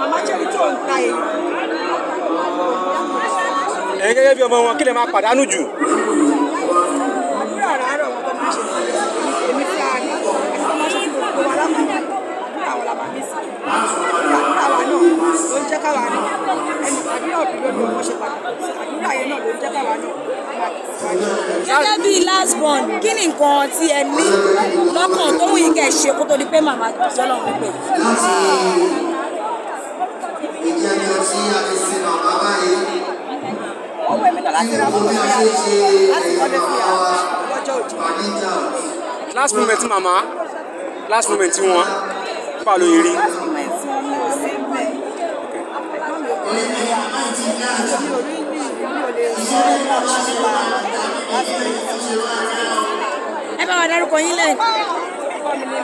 màmá jẹ́rìí tó ń ta èyí. ẹ̀yin gẹ́gẹ́ bí ọmọ wọn kí lè máa pàdánù jù. àdúrà àràárọ̀ wọn tó máa ṣe sí èmi fi àárín àti tó ṣe sí gbogbo wa lápá àdúrà wọn la máa mí sí àdúrà wa náà ló ń jẹ́ káwa náà ẹnì àdúrà òbí lórí ọmọ ṣe padà àdúrà yẹn náà ló ń jẹ́ káwa náà gẹ́gẹ́ bíi last born kí ni nǹkan tí ẹ ní lọ́kàn tó wù yín kẹ́ ṣe kó tó di pé màmá jọlọ́run pé tí a fi sin bàbá báyìí ní òkúta ṣe ṣe ẹ̀yọ́ bàbá wa bàdíjà. last moment mama last moment wọn bá lóye rí. ẹ bá wa dárúkọ yín lẹ́yìn.